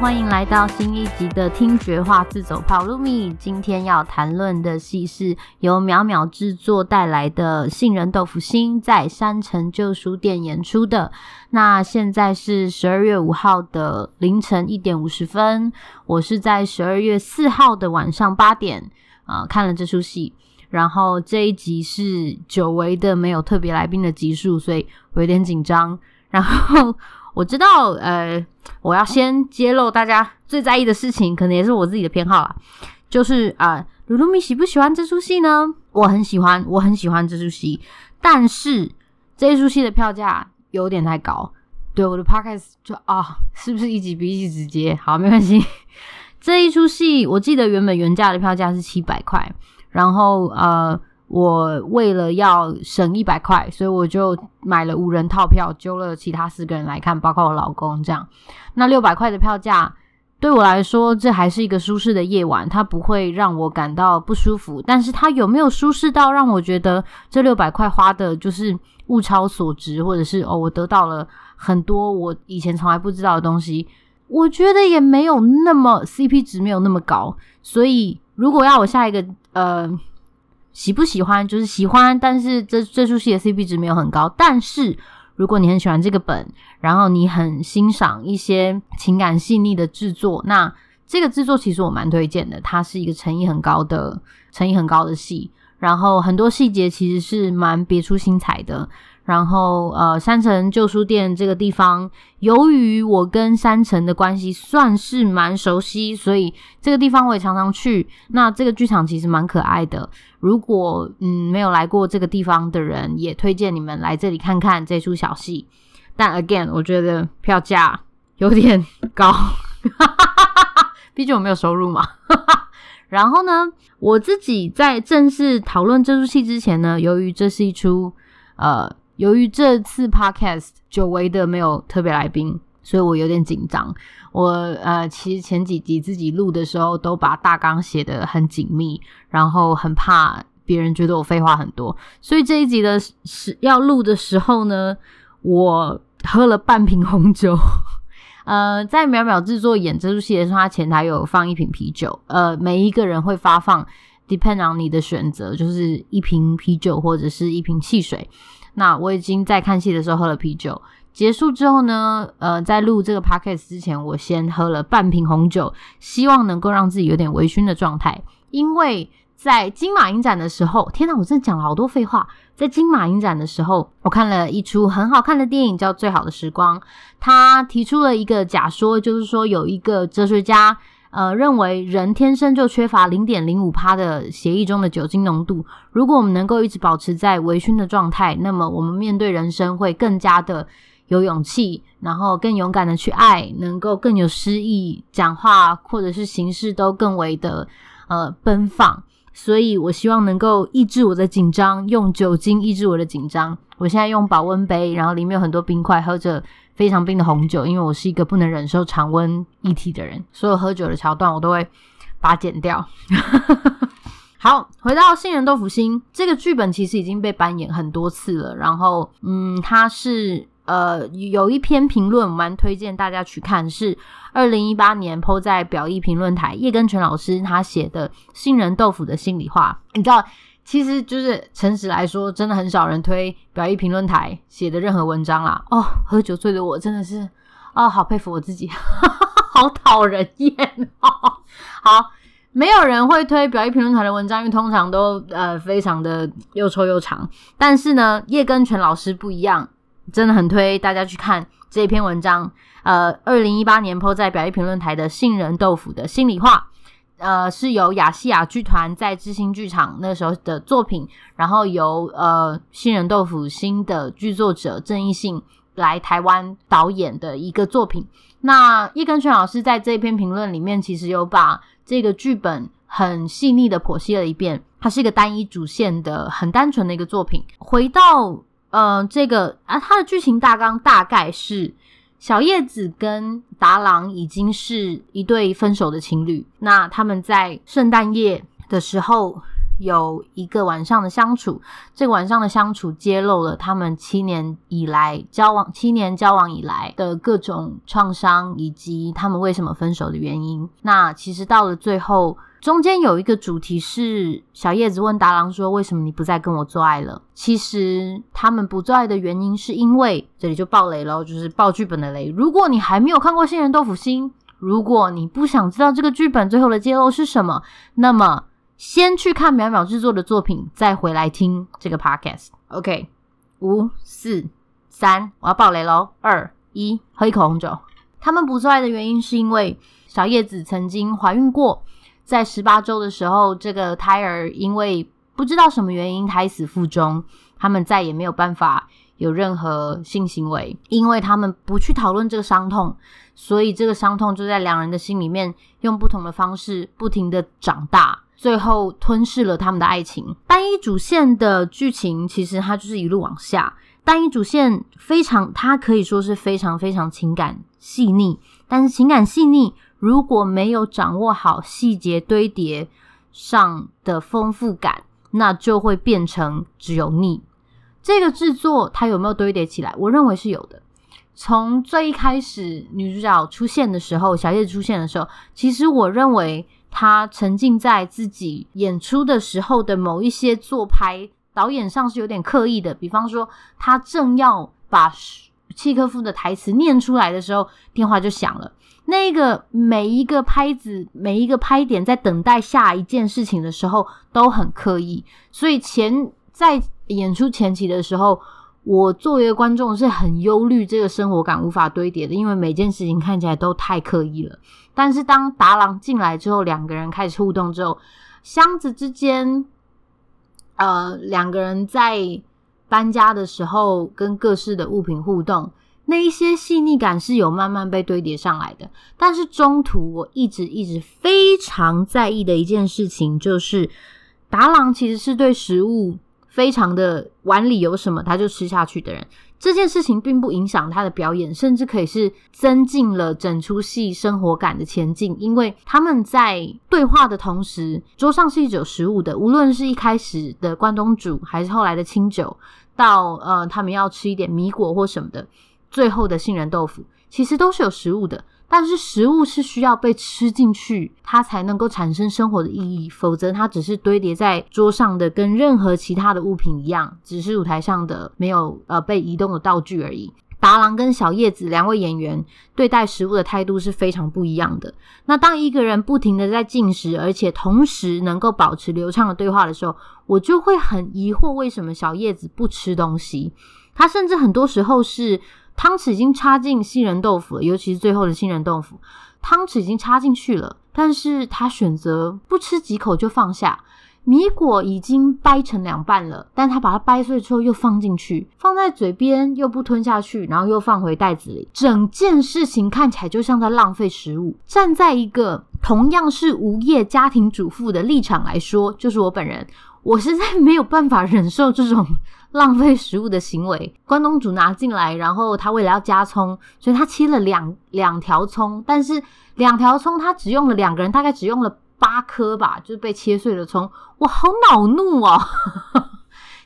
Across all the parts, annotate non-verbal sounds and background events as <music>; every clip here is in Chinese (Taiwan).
歡迎來到新一集的聽覺話自走炮嚕咪，今天要談論的戲是由淼淼製作帶來的《杏仁豆腐心》，在山城舊書店演出的。那現在是十二月五號的凌晨一點五十分，我是在十二月四號的晚上八點啊、呃、看了這出戲。然後這一集是久違的沒有特別來賓的集數，所以我有點緊張。然後。我知道，呃，我要先揭露大家最在意的事情，可能也是我自己的偏好啦，就是啊，嚕、呃、嚕咪喜不喜歡這出戲呢？我很喜歡，我很喜歡這出戲，但是這一出戲的票價有點太高，對我的 podcast 就啊，是不是一集比一集直接？好，沒關係，這一出戲我記得原本原價的票價是七百塊，然後呃。我為了要省一百塊，所以我就買了五人套票，揪了其他四個人來看，包括我老公這樣。那六百塊的票價對我來說，這還是一個舒適的夜晚，它不會讓我感到不舒服。但是它有沒有舒適到讓我覺得這六百塊花的就是物超所值，或者是哦，我得到了很多我以前從來不知道的東西，我覺得也沒有那麼 CP 值沒有那麼高。所以如果要我下一個呃。喜不喜歡就是喜歡，但是這這出戲的 CP 值沒有很高。但是如果你很喜歡這個本，然後你很欣賞一些情感細膩的製作，那這個製作其實我蠻推薦的。它是一個誠意很高的、誠意很高的戲，然後很多細節其實是蠻別出心裁的。然後，呃，山城舊書店這個地方，由於我跟山城的關係算是蠻熟悉，所以這個地方我也常常去。那這個劇場其實蠻可愛的，如果嗯沒有來過這個地方的人，也推薦你們來這裡看看這出小戲。但 again，我覺得票價有點高， <laughs> 畢竟我沒有收入嘛。 <laughs> 然後呢，我自己在正式討論這出戲之前呢，由於這是一出呃。由於這次 Podcast 久違的沒有特別來賓，所以我有點緊張。我呃，其實前幾集自己錄的時候，都把大綱寫得很緊密，然後很怕別人覺得我廢話很多。所以這一集的時要錄的時候呢，我喝了半瓶紅酒。 <laughs> 呃，在淼淼制作演這出戲的時候，他前台有放一瓶啤酒。呃，每一個人會發放，depend on 你的選擇，就是一瓶啤酒或者是一瓶汽水。那我已經在看戲的時候喝了啤酒，結束之後呢，呃，在錄這個 podcast 之前，我先喝了半瓶紅酒，希望能夠讓自己有點微醺的狀態。因為在金馬影展的時候，天哪，我真的講了好多廢話。在金馬影展的時候，我看了一出很好看的電影叫《最好的時光》，他提出了一個假說，就是說有一個哲學家。呃，認為人天生就缺乏零點零五趴的血液中的酒精濃度。如果我們能夠一直保持在微醺的狀態，那麼我們面對人生會更加的有勇氣，然後更勇敢的去愛，能夠更有詩意，講話或者是行事都更為的呃奔放。所以，我希望能夠抑制我的緊張，用酒精抑制我的緊張。我現在用保溫杯，然後裡面有很多冰塊，喝着。非常冰的紅酒，因為我是一個不能忍受常溫液體的人，所有喝酒的橋段我都會把它剪掉。 <laughs> 好，回到《杏仁豆腐心》這個劇本，其實已經被搬演很多次了。然後，嗯，它是呃有一篇評論，我蠻推薦大家去看，是二零一八年 po 在《表意評論台》葉根泉老師他寫的《杏仁豆腐的心裡話》，你知道。其實就是誠實來說，真的很少人推表藝評論台寫的任何文章啦。哦，喝酒醉的我真的是，哦，好佩服我自己，哈哈哈，好討人厭哦。好，沒有人會推表藝評論台的文章，因為通常都呃非常的又臭又長。但是呢，葉根泉老師不一樣，真的很推大家去看這篇文章。呃，二零一八年 po 在表藝評論台的《杏仁豆腐的心裡話》。呃，是由亞細亞劇團在知新劇場那時候的作品，然後由呃杏仁豆腐心的劇作者鄭義信來台灣導演的一個作品。那葉根泉老師在這一篇評論裡面，其實有把這個劇本很細膩的剖析了一遍。它是一個單一主線的很單純的一個作品。回到呃這個啊，它的劇情大綱大概是。小葉子跟達郎已經是一對分手的情侶，那他們在聖誕夜的時候。有一個晚上的相處，這個晚上的相處揭露了他們七年以來交往七年交往以來的各種創傷，以及他們為什麼分手的原因。那其實到了最後，中間有一個主題是小葉子問達郎說：“為什麼你不再跟我做愛了？”其實他們不做愛的原因是因為，這裡就爆雷咯，就是爆劇本的雷。如果你還沒有看過《杏仁豆腐心》，如果你不想知道這個劇本最後的揭露是什麼，那麼。先去看淼淼制作的作品，再回來聽這個 podcast。OK，五、四、三，我要爆雷嘍！二、一，喝一口紅酒。他們不出來的原因是因為小葉子曾經懷孕過，在十八周的時候，這個胎兒因為不知道什麼原因胎死腹中，他們再也沒有辦法有任何性行為，因為他們不去討論這個傷痛，所以這個傷痛就在兩人的心裡面用不同的方式不停的長大。最後吞噬了他們的愛情。單一主線的劇情，其實它就是一路往下。單一主線非常，它可以說是非常非常情感細膩。但是情感細膩，如果沒有掌握好細節堆疊上的豐富感，那就會變成只有膩。這個製作它有沒有堆疊起來？我認為是有的。從最一開始女主角出現的時候，小葉子出現的時候，其實我認為。他沉浸在自己演出的時候的某一些做拍，導演上是有點刻意的。比方說，他正要把契訶夫的台詞念出來的時候，電話就響了。那個每一個拍子、每一個拍點，在等待下一件事情的時候，都很刻意。所以前在演出前期的時候。我作為觀眾是很憂慮這個生活感無法堆疊的，因為每件事情看起來都太刻意了。但是當達郎進來之後，兩個人開始互動之後，箱子之間，呃，兩個人在搬家的時候跟各式的物品互動，那一些細膩感是有慢慢被堆疊上來的。但是中途我一直一直非常在意的一件事情就是，達郎其實是對食物。非常的碗裡有什麼他就吃下去的人。這件事情並不影響他的表演，甚至可以是增進了整出戲生活感的前進。因為他們在對話的同時，桌上是一直有食物的，無論是一開始的關東煮，還是後來的清酒，到，呃，他們要吃一點米果或什麼的，最後的杏仁豆腐，其實都是有食物的。但是食物是需要被吃進去，它才能夠產生生活的意義，否則它只是堆疊在桌上的，跟任何其他的物品一樣，只是舞台上的沒有呃被移動的道具而已。達郎跟小葉子兩位演員對待食物的態度是非常不一樣的。那當一個人不停地在進食，而且同時能夠保持流暢的對話的時候，我就會很疑惑為什麼小葉子不吃東西？他甚至很多時候是。湯匙已經插進杏仁豆腐了，尤其是最後的杏仁豆腐，湯匙已經插進去了，但是他選擇不吃幾口就放下。米果已經掰成兩半了，但他把它掰碎之後又放進去，放在嘴邊又不吞下去，然後又放回袋子裡。整件事情看起來就像在浪費食物。站在一個同樣是無業家庭主婦的立場來說，就是我本人，我實在沒有辦法忍受這種。浪費食物的行為，關東煮拿進來，然後他為了要加蔥，所以他切了兩兩條蔥，但是兩條蔥他只用了兩個人，大概只用了八顆吧，就是被切碎的蔥。我好惱怒哦！ <laughs>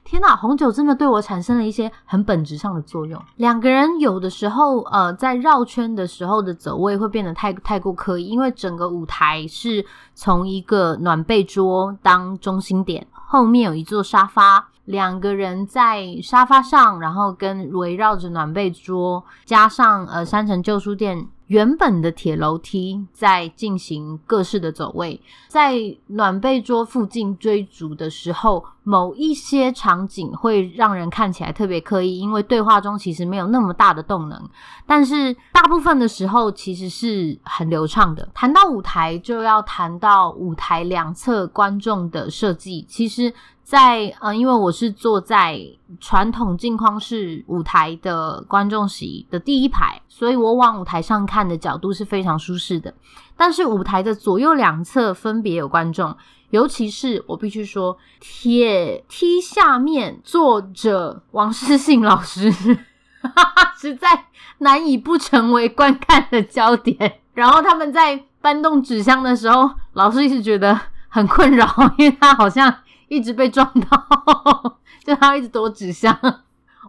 天哪，啊，紅酒真的對我產生了一些很本質上的作用。兩個人有的時候，呃，在繞圈的時候的走位會變得太太過刻意，因為整個舞台是從一個暖被桌當中心點，後面有一座沙發。兩個人在沙發上，然後跟圍繞着暖被桌，加上呃三層舊書店原本的鐵樓梯，在進行各式的走位。在暖被桌附近追逐的時候，某一些場景會讓人看起來特別刻意，因為對話中其實沒有那麼大的動能。但是大部分的時候其實是很流暢的。談到舞台，就要談到舞台兩側觀眾的設計，其實。在嗯，因為我是坐在傳統鏡框式舞台的觀眾席的第一排，所以我往舞台上看的角度是非常舒適的。但是舞台的左右兩側分別有觀眾，尤其是我必須說，鐵梯下面坐着王世信老師，哈哈，實在難以不成為觀看的焦點。然後他們在搬動紙箱的時候，老師一直覺得很困擾，因為他好像一直被撞到， <laughs> 就他一直躲紙箱。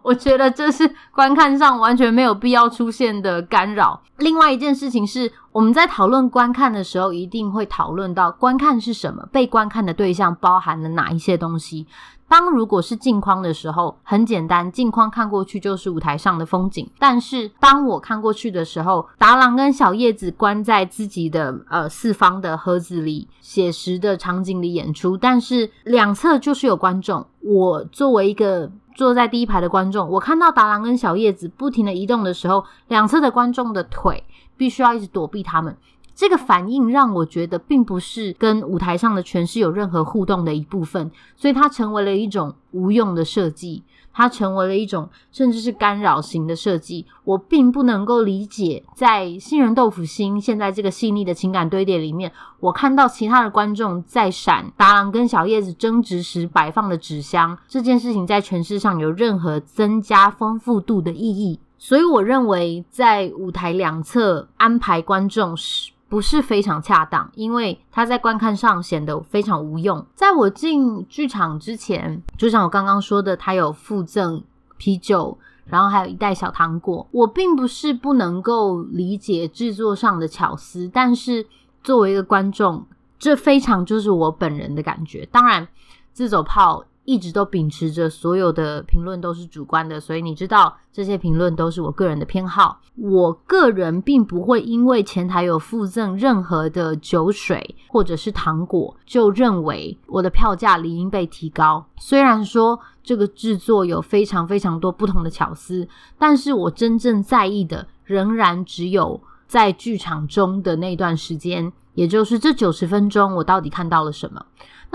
我覺得這是觀看上完全沒有必要出現的干擾。另外一件事情是，我們在討論觀看的時候，一定會討論到觀看是什麼，被觀看的對象包含了哪一些東西。當如果是鏡框的時候，很簡單，鏡框看過去就是舞台上的風景。但是當我看過去的時候，達郎跟小葉子關在自己的呃四方的盒子裡，寫實的場景裡演出。但是兩側就是有觀眾，我作為一個坐在第一排的觀眾，我看到達郎跟小葉子不停地移動的時候，兩側的觀眾的腿必須要一直躲避他們。這個反應讓我覺得，並不是跟舞台上的詮釋有任何互動的一部分，所以它成為了一種無用的設計，它成為了一種甚至是干擾型的設計。我並不能夠理解，在《杏仁豆腐心》現在這個細膩的情感堆疊裡面，我看到其他的觀眾在閃達郎跟小葉子爭執時擺放的紙箱這件事情，在詮釋上有任何增加豐富度的意義。所以我認為，在舞台兩側安排觀眾時，不是非常恰當，因為它在觀看上顯得非常無用。在我進劇場之前，就像我剛剛說的，它有附贈啤酒，然後還有一袋小糖果。我並不是不能夠理解制作上的巧思，但是作為一個觀眾，這非常就是我本人的感覺。當然，自走炮。一直都秉持着所有的評論都是主觀的，所以你知道這些評論都是我個人的偏好。我個人並不會因為前台有附贈任何的酒水或者是糖果，就認為我的票價理應被提高。雖然說這個制作有非常非常多不同的巧思，但是我真正在意的仍然只有在劇場中的那段時間，也就是這九十分鐘，我到底看到了什麼？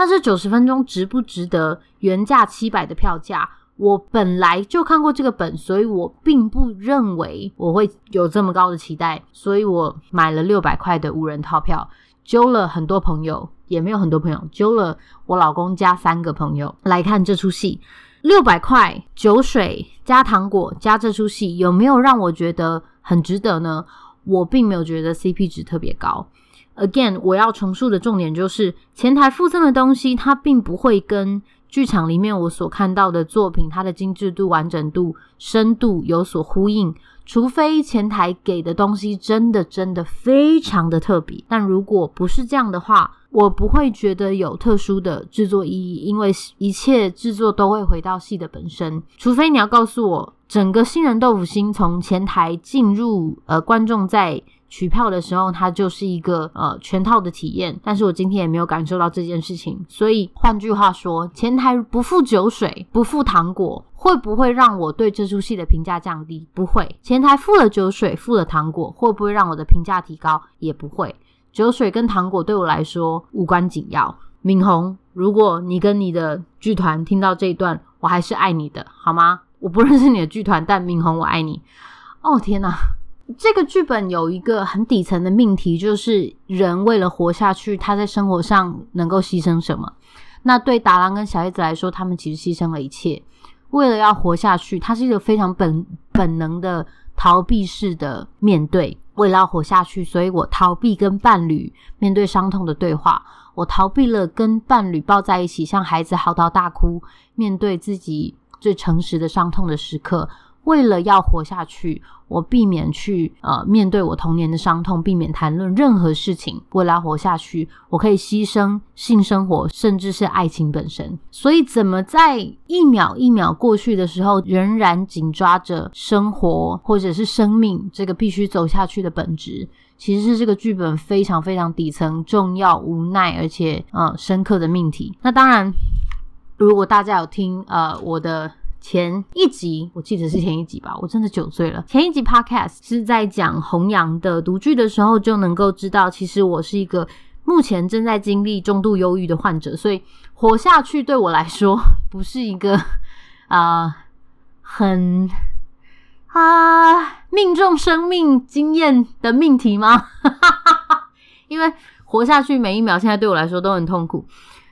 但是九十分鐘值不值得原價七百的票價？我本來就看過這個本，所以我並不認為我會有這麼高的期待，所以我買了六百塊的五人套票，揪了很多朋友，也沒有很多朋友，揪了我老公加三個朋友來看這出戲。六百塊酒水加糖果加這出戲，有沒有讓我覺得很值得呢？我並沒有覺得 CP 值特別高。Again，我要重述的重點就是，前台附贈的東西它並不會跟劇場裡面我所看到的作品它的精致度、完整度、深度有所呼應，除非前台給的東西真的真的非常的特別。但如果不是這樣的話，我不會覺得有特殊的制作意義，因為一切制作都會回到戲的本身，除非你要告訴我。整個杏仁豆腐心從前台進入，呃，觀眾在取票的時候，它就是一個呃全套的體驗。但是我今天也沒有感受到這件事情，所以換句話說，前台不付酒水，不付糖果，會不會讓我對這出戲的評價降低？不會。前台付了酒水，付了糖果，會不會讓我的評價提高？也不會。酒水跟糖果對我來說無關緊要。敏紅，如果你跟你的劇團聽到這一段，我還是愛你的，好嗎？我不認識你的劇團，但明宏我愛你。哦，天哪、啊，這個劇本有一個很底層的命題，就是人為了活下去，他在生活上能夠犧牲什麼？那對達郎跟小葉子來說，他們其實犧牲了一切，為了要活下去，他是一個非常本本能的逃避式的面對。為了要活下去，所以我逃避跟伴侶面對傷痛的對話，我逃避了跟伴侶抱在一起，像孩子嚎啕大哭，面對自己。最誠實的傷痛的時刻，為了要活下去，我避免去呃面對我童年的傷痛，避免談論任何事情。為了活下去，我可以犧牲性生活，甚至是愛情本身。所以，怎麼在一秒一秒過去的時候，仍然緊抓着生活或者是生命這個必須走下去的本質，其實是這個劇本非常非常底層、重要、無奈而且呃深刻的命題。那當然。如果大家有聽呃我的前一集，我記得是前一集吧，我真的酒醉了。前一集 Podcast 是在講弘揚的讀劇的時候，就能夠知道，其實我是一個目前正在經歷重度憂鬱的患者，所以活下去對我來說不是一個、呃、很啊很啊命中生命經驗的命題嗎？ <laughs> 因為活下去每一秒現在對我來說都很痛苦。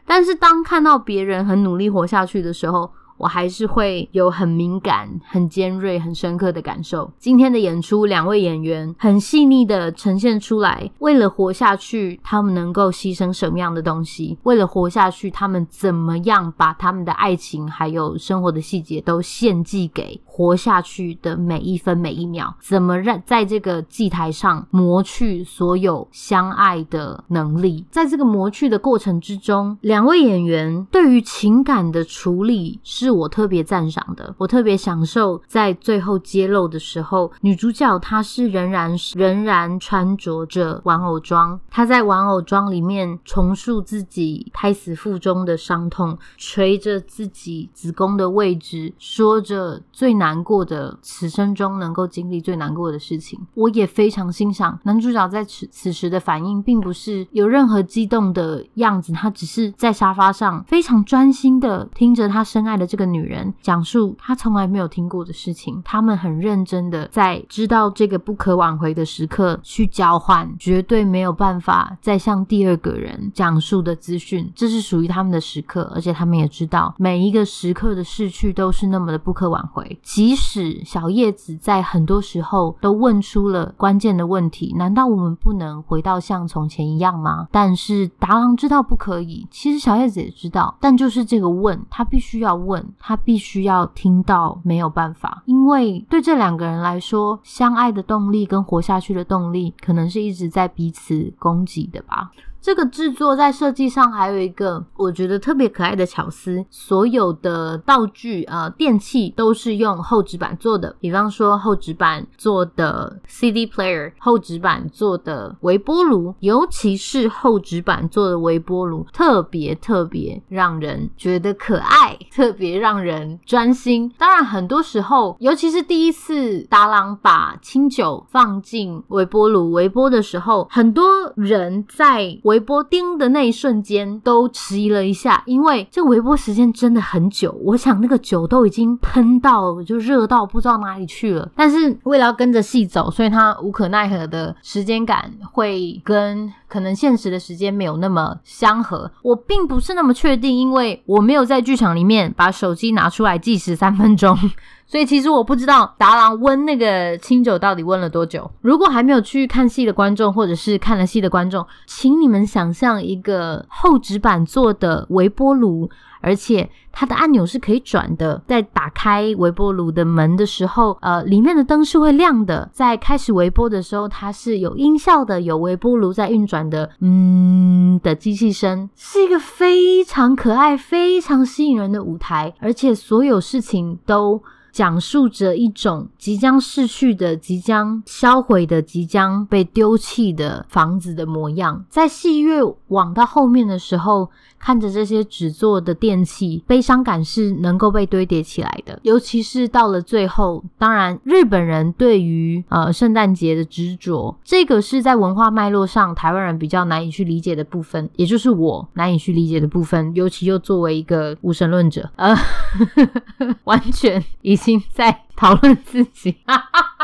但是當看到別人很努力活下去的時候，我還是會有很敏感、很尖銳、很深刻的感受。今天的演出，兩位演員很細膩的呈現出來，為了活下去，他們能夠犧牲什麼樣的東西？為了活下去，他們怎麼樣把他們的愛情還有生活的細節都獻祭給？活下去的每一分每一秒，怎麼讓在這個祭台上磨去所有相愛的能力？在這個磨去的過程之中，兩位演員對於情感的處理是我特別讚賞的，我特別享受在最後揭露的時候，女主角她是仍然仍然穿着着玩偶裝，她在玩偶裝裡面重塑自己胎死腹中的傷痛，捶着自己子宮的位置，說着最難。難過的此生中能夠經歷最難過的事情。我也非常欣賞男主角在此此時的反應，並不是有任何激動的樣子，他只是在沙發上非常專心的聽着他深愛的這個女人講述他從來沒有聽過的事情。他們很認真的在知道這個不可挽回的時刻去交換，絕對沒有辦法再向第二個人講述的資訊。這是屬於他們的時刻，而且他們也知道每一個時刻的逝去都是那麼的不可挽回。即使小葉子在很多時候都問出了關鍵的問題，難道我們不能回到像從前一樣嗎？但是達郎知道不可以，其實小葉子也知道，但就是這個問，他必須要問，他必須要聽到，沒有辦法，因為對這兩個人來說，相愛的動力跟活下去的動力，可能是一直在彼此攻擊的吧。這個制作在設計上還有一個我覺得特別可愛的巧思，所有的道具呃電器都是用厚紙板做的，比方說厚紙板做的 CD player，厚紙板做的微波爐，尤其是厚紙板做的微波爐，特別特別讓人覺得可愛，特別讓人專心。當然，很多時候，尤其是第一次達朗把清酒放進微波爐微波的時候，很多人在。微波叮的那一瞬間，都遲疑了一下，因為這微波時間真的很久。我想那個酒都已經噴到了，就熱到不知道哪裡去了。但是為了要跟着戲走，所以他無可奈何的時間感會跟。可能現實的時間沒有那麽相合，我並不是那麽確定，因為我沒有在劇場裡面把手機拿出來計時三分鐘， <laughs> 所以其實我不知道達郎溫那個清酒到底溫了多久。如果還沒有去看戲的觀眾，或者是看了戲的觀眾，請你們想象一個厚紙板做的微波爐。而且它的按鈕是可以轉的，在打開微波爐的門的時候，呃，裡面的燈是會亮的。在開始微波的時候，它是有音效的，有微波爐在運轉的“嗯”的機器聲，是一個非常可愛、非常吸引人的舞台，而且所有事情都。講述着一種即將逝去的、即將銷毀的、即將被丟棄的房子的模樣。在戲越往到後面的時候，看着這些紙做的電器，悲傷感是能夠被堆疊起來的。尤其是到了最後，當然，日本人對於呃聖誕節的執着，這個是在文化脈絡上台灣人比較難以去理解的部分，也就是我難以去理解的部分。尤其又作為一個無神論者，呃， <laughs> 完全一。在討論自己，哈哈。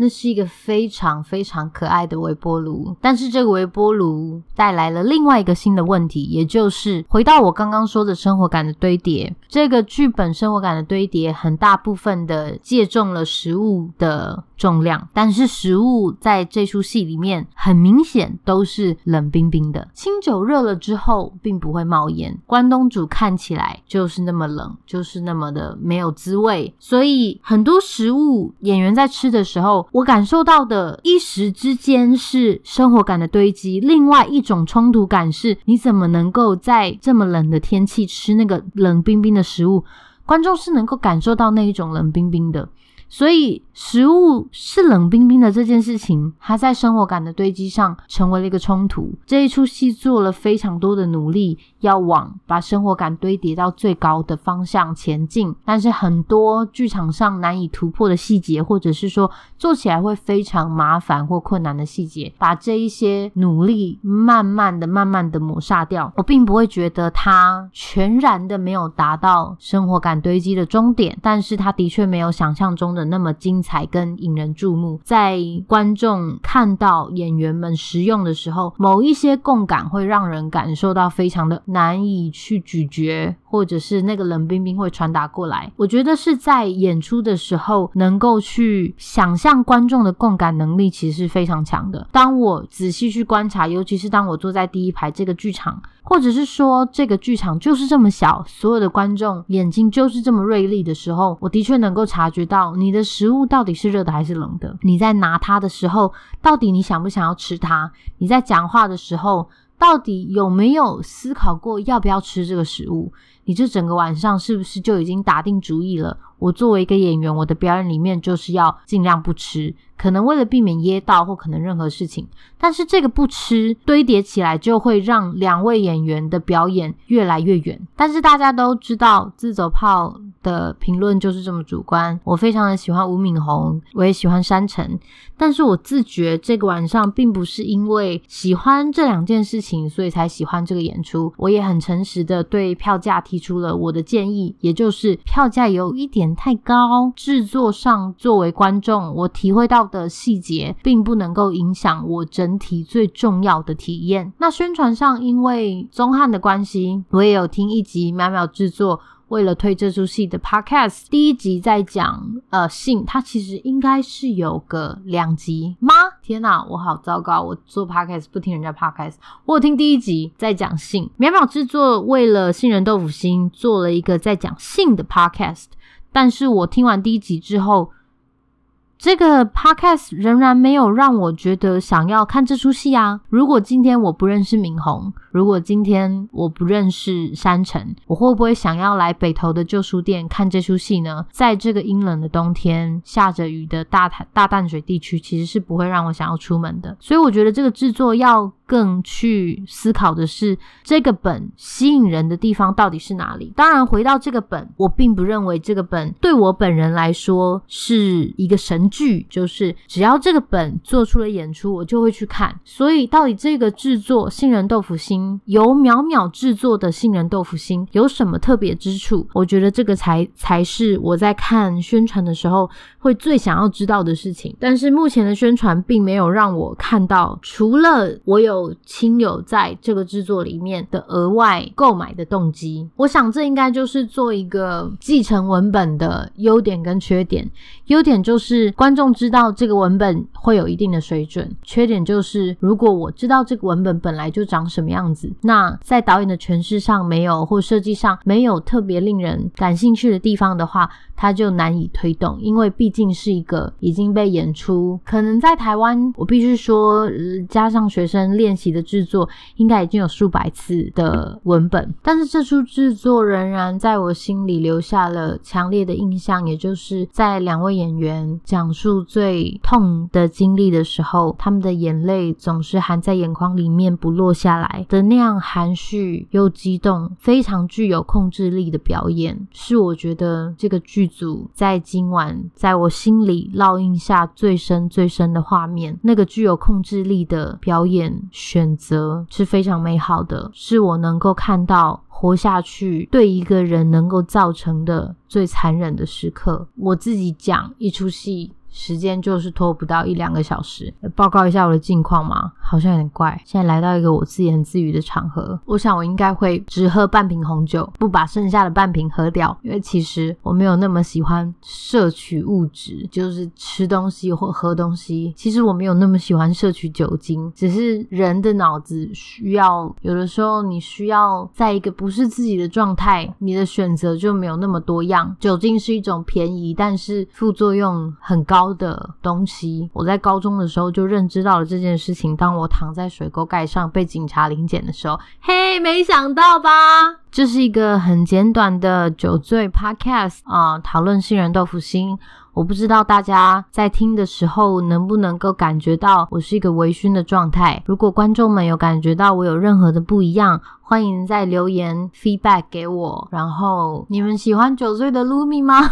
那是一個非常非常可愛的微波爐，但是這個微波爐帶來了另外一個新的問題，也就是回到我剛剛說的生活感的堆疊。這個劇本生活感的堆疊，很大部分的借重了食物的重量，但是食物在這出戲裡面，很明顯都是冷冰冰的。清酒熱了之後，並不會冒煙。關東煮看起來就是那麼冷，就是那麼的沒有滋味。所以很多食物演員在吃的時候。我感受到的，一時之間是生活感的堆積，另外一種衝突感是，你怎麼能夠在這麼冷的天氣吃那個冷冰冰的食物？觀眾是能夠感受到那一種冷冰冰的，所以食物是冷冰冰的這件事情，它在生活感的堆積上成為了一個衝突。這一出戲做了非常多的努力。要往把生活感堆疊到最高的方向前進，但是很多劇場上難以突破的細節，或者是說做起來會非常麻煩或困難的細節，把這一些努力慢慢的、慢慢的抹殺掉。我並不會覺得它全然的沒有達到生活感堆積的終點，但是它的確沒有想象中的那麼精彩跟引人注目。在觀眾看到演員們食用的時候，某一些共感會讓人感受到非常的。難以去咀嚼，或者是那個冷冰冰會傳達過來。我覺得是在演出的時候，能夠去想象觀眾的共感能力，其實是非常強的。當我仔細去觀察，尤其是當我坐在第一排這個劇場，或者是說這個劇場就是這麼小，所有的觀眾眼睛就是這麼銳利的時候，我的確能夠察覺到你的食物到底是熱的還是冷的。你在拿它的時候，到底你想不想要吃它？你在講話的時候，到底有沒有思考過要不要吃這個食物？你這整個晚上是不是就已經打定主意了？我作為一個演員，我的表演裡面就是要盡量不吃，可能為了避免噎到或可能任何事情。但是這個不吃堆疊起來，就會讓兩位演員的表演越來越遠。但是大家都知道，自走炮的評論就是這麼主觀。我非常的喜歡吳敏紅，我也喜歡山城，但是我自覺這個晚上並不是因為喜歡這兩件事情，所以才喜歡這個演出。我也很誠實的對票價提出了我的建議，也就是票價有一點。太高，製作上，作為觀眾，我體會到的細節並不能夠影響我整體最重要的體驗。那宣傳上，因為宗漢的關係，我也有聽一集淼淼製作為了推這出戲的 podcast。第一集在講呃性，它其實應該是有個兩集嗎？天哪、啊，我好糟糕！我做 podcast 不聽人家 podcast，我有聽第一集在講性。淼淼製作為了《杏仁豆腐心》做了一個在講性的 podcast。但是我聽完第一集之後。這個 podcast 仍然沒有讓我覺得想要看這齣戲啊。如果今天我不認識明宏，如果今天我不認識山城，我會不會想要來北投的舊書店看這齣戲呢？在這個陰冷的冬天，下着雨的大潭大淡水地區，其實是不會讓我想要出門的。所以我覺得這個製作要更去思考的是，這個本吸引人的地方到底是哪裡？當然，回到這個本，我並不認為這個本對我本人來說是一個神。劇就是只要這個本做出了演出，我就會去看。所以到底這個制作《杏仁豆腐心》由淼淼製作的《杏仁豆腐心》有什麼特別之處？我覺得這個才才是我在看宣傳的時候會最想要知道的事情。但是目前的宣傳並沒有讓我看到，除了我有親友在這個制作裡面的額外購買的動機，我想這應該就是做一個繼承文本的優點跟缺點。優點就是。觀眾知道這個文本。會有一定的水準，缺點就是如果我知道這個文本本來就長什麼樣子，那在導演的詮釋上沒有或設計上沒有特別令人感興趣的地方的話，它就難以推動，因為畢竟是一個已經被演出，可能在台灣，我必須說，加上學生練習的制作，應該已經有數百次的文本，但是這出制作仍然在我心裡留下了強烈的印象，也就是在兩位演員講述最痛的經歷的時候，他們的眼淚總是含在眼眶裡面，不落下來的那樣含蓄又激動，非常具有控制力的表演，是我覺得這個劇組在今晚、在我心裡烙印下最深最深的畫面。那個具有控制力的表演選擇是非常美好的，是我能夠看到活下去對一個人能夠造成的最殘忍的時刻。我自己講一出戲。時間就是拖不到一兩個小時，報告一下我的近況嘛，好像有點怪。現在來到一個我自言自語的場合，我想我應該會只喝半瓶紅酒，不把剩下的半瓶喝掉，因為其實我沒有那麼喜歡攝取物質，就是吃東西或喝東西。其實我沒有那麼喜歡攝取酒精，只是人的腦子需要，有的時候你需要在一個不是自己的狀態，你的選擇就沒有那麼多樣。酒精是一種便宜，但是副作用很高。高的東西，我在高中的時候就認知到了這件事情。當我躺在水溝蓋上被警察臨檢的時候，嘿，沒想到吧？這是一個很簡短的酒醉 podcast 啊，討論杏仁豆腐心。我不知道大家在聽的時候能不能夠感覺到我是一個微醺的狀態。如果觀眾們有感覺到我有任何的不一樣，歡迎在留言 feedback 給我，然後你們喜歡酒醉的 Lumi 嗎？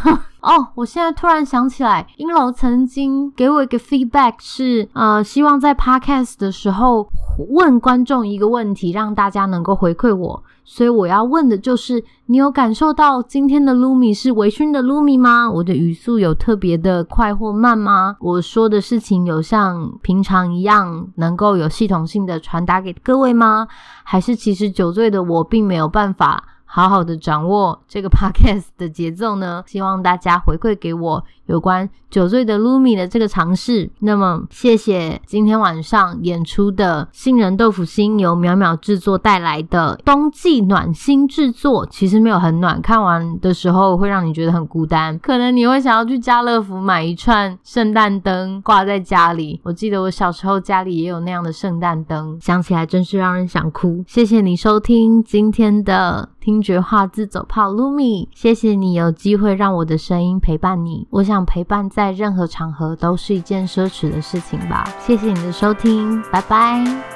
<laughs> 哦，我現在突然想起來，英老曾經給我一個 feedback 是，呃，希望在 podcast 的時候問觀眾一個問題，讓大家能夠回饋我。所以我要問的就是，你有感受到今天的 Lumi 是微醺的 Lumi 嗎？我的語速有特別的快或慢嗎？我說的事情有像平常一樣能夠有系統性的傳達給各位嗎？還是其實酒？酒醉的我並沒有辦法好好的掌握這個 podcast 的節奏呢，希望大家回饋給我。有關酒醉的 Lumi 的這個嘗試，那麼謝謝今天晚上演出的杏仁豆腐心由淼淼製作帶來的冬季暖心製作，其實沒有很暖，看完的時候會讓你覺得很孤單，可能你會想要去家樂福買一串聖誕燈掛在家裡。我記得我小時候家裡也有那樣的聖誕燈，想起來真是讓人想哭。謝謝你收聽今天的聽覺畫自走砲 Lumi，謝謝你有機會讓我的聲音陪伴你，我想。陪伴在任何場合都是一件奢侈的事情吧。謝謝你的收聽，拜拜。